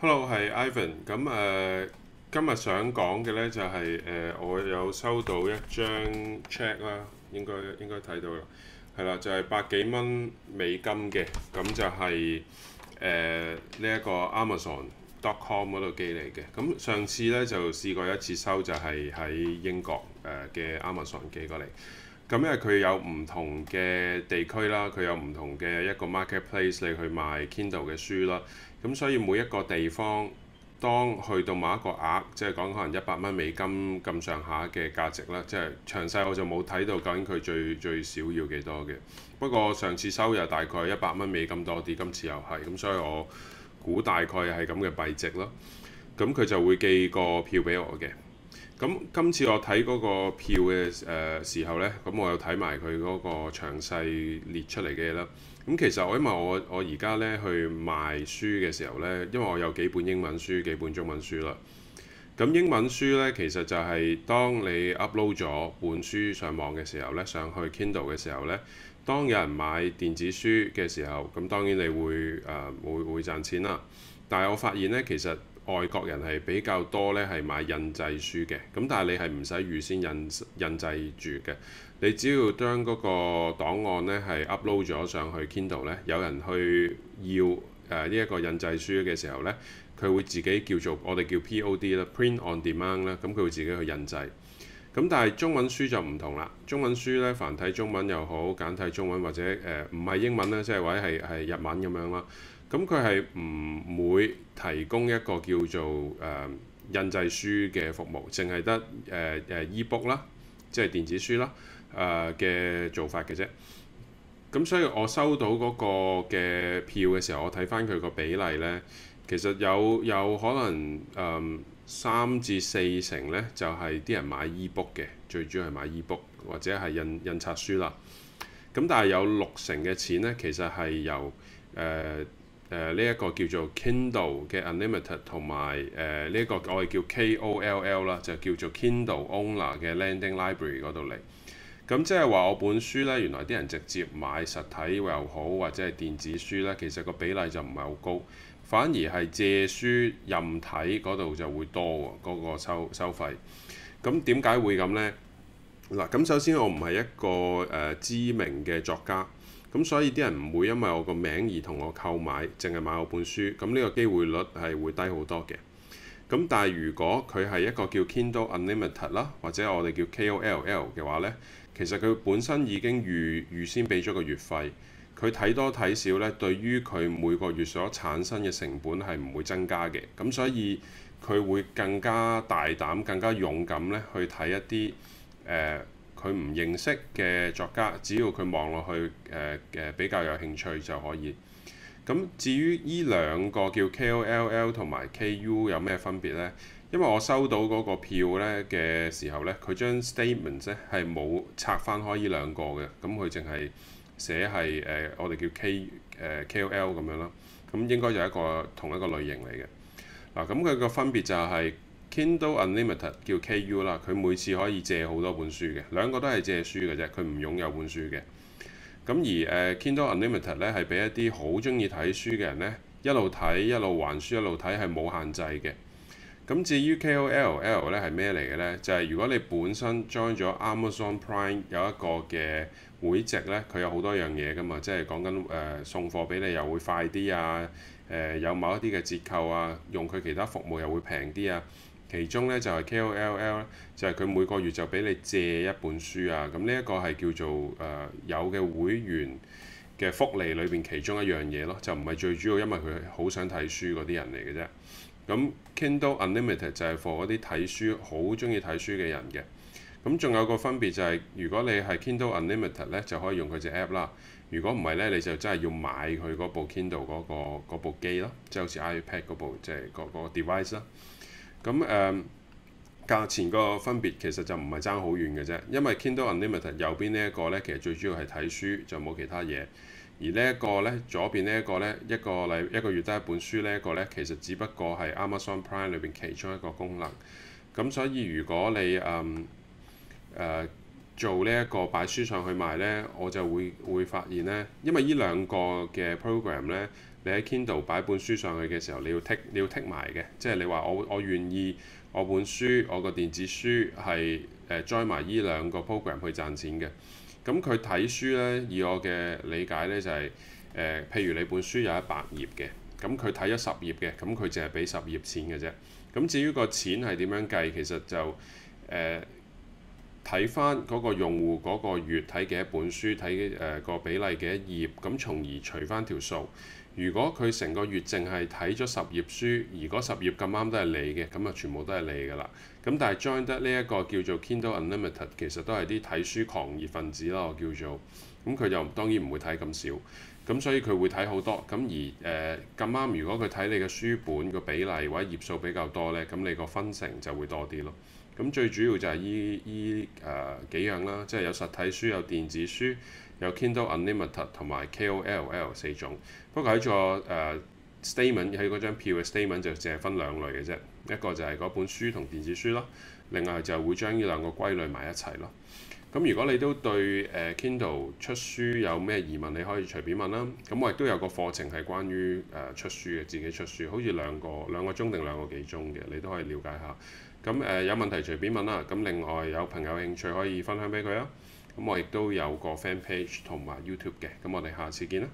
Hello，係 Ivan。咁、呃、誒，今日想講嘅呢就係、是、誒、呃，我有收到一張 check 啦，應該應該睇到啦，係啦，就係、是、百幾蚊美金嘅，咁就係誒呢一個 Amazon dot com 嗰度寄嚟嘅。咁上次呢就試過一次收，就係喺英國誒嘅、呃、Amazon 寄過嚟。咁因為佢有唔同嘅地區啦，佢有唔同嘅一個 marketplace 你去賣 Kindle 嘅書啦。咁所以每一個地方，當去到某一個額，即係講可能一百蚊美金咁上下嘅價值啦，即係詳細我就冇睇到究竟佢最最少要幾多嘅。不過上次收入大概一百蚊美金多啲，今次又係，咁所以我估大概係咁嘅幣值咯。咁佢就會寄個票俾我嘅。咁今次我睇嗰個票嘅誒、呃、時候呢，咁我又睇埋佢嗰個詳細列出嚟嘅嘢啦。咁其實我因為我我而家呢去賣書嘅時候呢，因為我有幾本英文書、幾本中文書啦。咁英文書呢，其實就係當你 upload 咗本書上網嘅時候呢，上去 Kindle 嘅時候呢，當有人買電子書嘅時候，咁當然你會誒、呃、會會賺錢啦。但係我發現呢，其實外國人係比較多咧，係買印製書嘅，咁但係你係唔使預先印印製住嘅，你只要將嗰個檔案咧係 upload 咗上去 Kindle 咧，有人去要誒呢一個印製書嘅時候咧，佢會自己叫做我哋叫 POD 啦，print on demand 啦，咁佢會自己去印製。咁但係中文書就唔同啦，中文書咧繁體中文又好，簡體中文或者誒唔係英文啦，即係或者係係日文咁樣啦。咁佢係唔會提供一個叫做誒、呃、印製書嘅服務，淨係得誒誒、呃呃、e-book 啦，即係電子書啦，誒、呃、嘅做法嘅啫。咁所以我收到嗰個嘅票嘅時候，我睇返佢個比例呢，其實有有可能誒三至四成呢，就係、是、啲人買 e-book 嘅，最主要係買 e-book 或者係印印刷書啦。咁但係有六成嘅錢呢，其實係由誒、呃誒呢一個叫做 Kindle 嘅 Unlimited 同埋誒呢、呃、一、這個我哋叫 KOLL 啦，就叫做 Kindle Owner 嘅 Lending Library 嗰度嚟。咁即係話我本書呢，原來啲人直接買實體又好，或者係電子書呢，其實個比例就唔係好高，反而係借書任睇嗰度就會多喎。嗰、那個收收費，咁點解會咁呢？嗱，咁首先我唔係一個誒、呃、知名嘅作家。咁所以啲人唔會因為我個名而同我購買，淨係買我本書。咁呢個機會率係會低好多嘅。咁但係如果佢係一個叫 Kindle Unlimited 啦，或者我哋叫 KOLL 嘅話呢，其實佢本身已經預預先俾咗個月費，佢睇多睇少呢，對於佢每個月所產生嘅成本係唔會增加嘅。咁所以佢會更加大膽、更加勇敢呢，去睇一啲誒佢唔認識嘅作家，只要佢望落去誒誒、呃呃、比較有興趣就可以。咁至於呢兩個叫 KOL 同埋 KU 有咩分別呢？因為我收到嗰個票呢嘅時候呢，佢將 statement 咧係冇拆翻開呢兩個嘅，咁佢淨係寫係誒、呃、我哋叫 K 誒、呃、KOL 咁樣咯。咁應該就係一個同一個類型嚟嘅。嗱咁佢個分別就係、是。Kindle Unlimited 叫 KU 啦，佢每次可以借好多本書嘅，兩個都係借書嘅啫，佢唔擁有本書嘅。咁而誒、uh, Kindle Unlimited 咧係俾一啲好中意睇書嘅人咧，一路睇一路還書一路睇，係冇限制嘅。咁至於 KOLL 咧係咩嚟嘅咧？就係、是、如果你本身 join 咗 Amazon Prime 有一個嘅會籍咧，佢有好多樣嘢噶嘛，即係講緊誒送貨俾你又會快啲啊，誒、呃、有某一啲嘅折扣啊，用佢其他服務又會平啲啊。其中咧就係 KOL 咧，就係、是、佢每個月就俾你借一本書啊。咁呢一個係叫做誒、呃、有嘅會員嘅福利裏邊其中一樣嘢咯，就唔係最主要，因為佢好想睇書嗰啲人嚟嘅啫。咁 Kindle Unlimited 就係 for 嗰啲睇書好中意睇書嘅人嘅。咁仲有個分別就係、是，如果你係 Kindle Unlimited 咧，就可以用佢隻 App 啦。如果唔係咧，你就真係要買佢嗰部 Kindle 嗰、那個、部機咯，即、就、係、是、好似 iPad 嗰部，即係嗰個 device 啦。咁誒、嗯、價錢個分別其實就唔係爭好遠嘅啫，因為 Kindle Unlimited 右邊呢一個呢，其實最主要係睇書，就冇其他嘢。而呢一個呢，左邊呢一個呢，一個禮拜一個月得一本書呢一、呢個呢，其實只不過係 Amazon Prime 裏邊其中一個功能。咁所以如果你誒、嗯呃、做呢、呢、一個擺書上去賣呢，我就會會發現呢，因為呢兩個嘅 program 呢。你喺 Kindle 擺本書上去嘅時候，你要剔你要剔埋嘅，即係你話我我願意我本書我個電子書係誒載埋依兩個 program 去賺錢嘅。咁佢睇書呢，以我嘅理解呢，就係、是呃、譬如你本書有一百頁嘅，咁佢睇咗十頁嘅，咁佢淨係俾十頁錢嘅啫。咁、嗯、至於個錢係點樣計，其實就誒。呃睇翻嗰個用戶嗰個月睇幾多本書，睇誒、呃、個比例幾多頁，咁從而除翻條數。如果佢成個月淨係睇咗十頁書，如果十頁咁啱都係你嘅，咁啊全部都係你㗎啦。咁但係 join 得呢一個叫做 Kindle Unlimited，其實都係啲睇書狂熱分子咯，我叫做。咁佢就當然唔會睇咁少，咁所以佢會睇好多。咁而誒咁啱，呃、如果佢睇你嘅書本個比例或者頁數比較多呢，咁你個分成就會多啲咯。咁最主要就係依依誒幾樣啦，即係有實體書、有電子書、有 Kindle Unlimited 同埋 KOLL 四種。不過喺、這個誒、呃、statement 喺嗰張票嘅 statement 就淨係分兩類嘅啫。一個就係嗰本書同電子書啦，另外就會將呢兩個歸類埋一齊咯。咁如果你都對誒 Kindle 出書有咩疑問，你可以隨便問啦。咁我亦都有個課程係關於誒出書嘅，自己出書，好似兩個兩個鐘定兩個幾鐘嘅，你都可以了解下。咁誒有問題隨便問啦。咁另外有朋友興趣可以分享俾佢啊。咁我亦都有個 fan page 同埋 YouTube 嘅。咁我哋下次見啦。